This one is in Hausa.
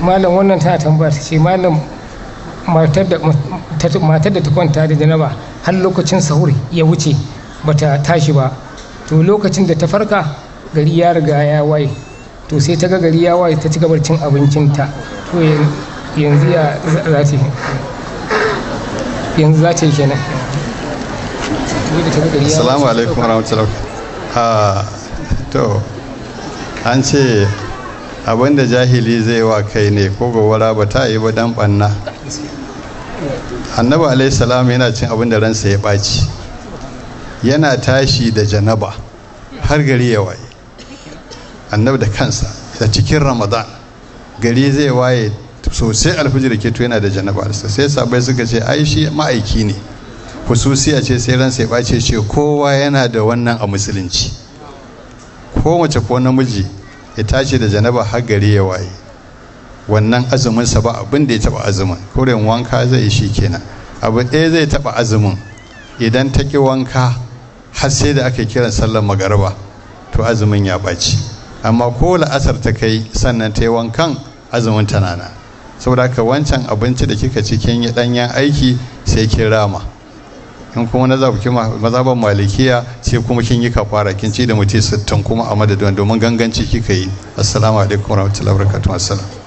malam wannan tana tambaya ta ce malam matar da ta kwanta da janaba har lokacin sahur ya wuce ba ta tashi ba to lokacin da ta farka gari ya riga ya waye to sai ta ga gari ya waye ta ci gabar cin abincinta to yanzu ya za ta yanzu za ta yi kenan salamu alaikum warahmatullahi ah, to an ce abinda jahili zai wa kai ne ko gowara ba ta yi ba dan banna annabi alaihi salam yana cin abin da ransa ya baci yana tashi da janaba har gari ya waye annabi da kansa da cikin ramadan gari zai waye sosai alfijir ke to yana da janaba sai sabai suka ce ai shi ma'aiki ne hususiya ce sai ransa ya bace ce kowa yana da wannan a musulunci ko mace ko namiji ya tashi da janaba har gari ya waye wannan azumin sa ba abin da ya taba azumin kurin wanka zai shi kenan abu ɗaya zai taba azumin idan ta ki wanka har sai da aka kira sallar magarba to azumin ya ɓaci amma ko la'asar ta kai sannan ta yi wankan azumin tana na saboda ka wancan abinci da kika cikin yi ɗanyen aiki sai kin rama in kuma na zaɓi mazaban malikiya sai kuma kin yi kafara kin ci da mutum sittin kuma a madadin domin ganganci kika yi assalamu alaikum warahmatullahi wabarakatuh assalam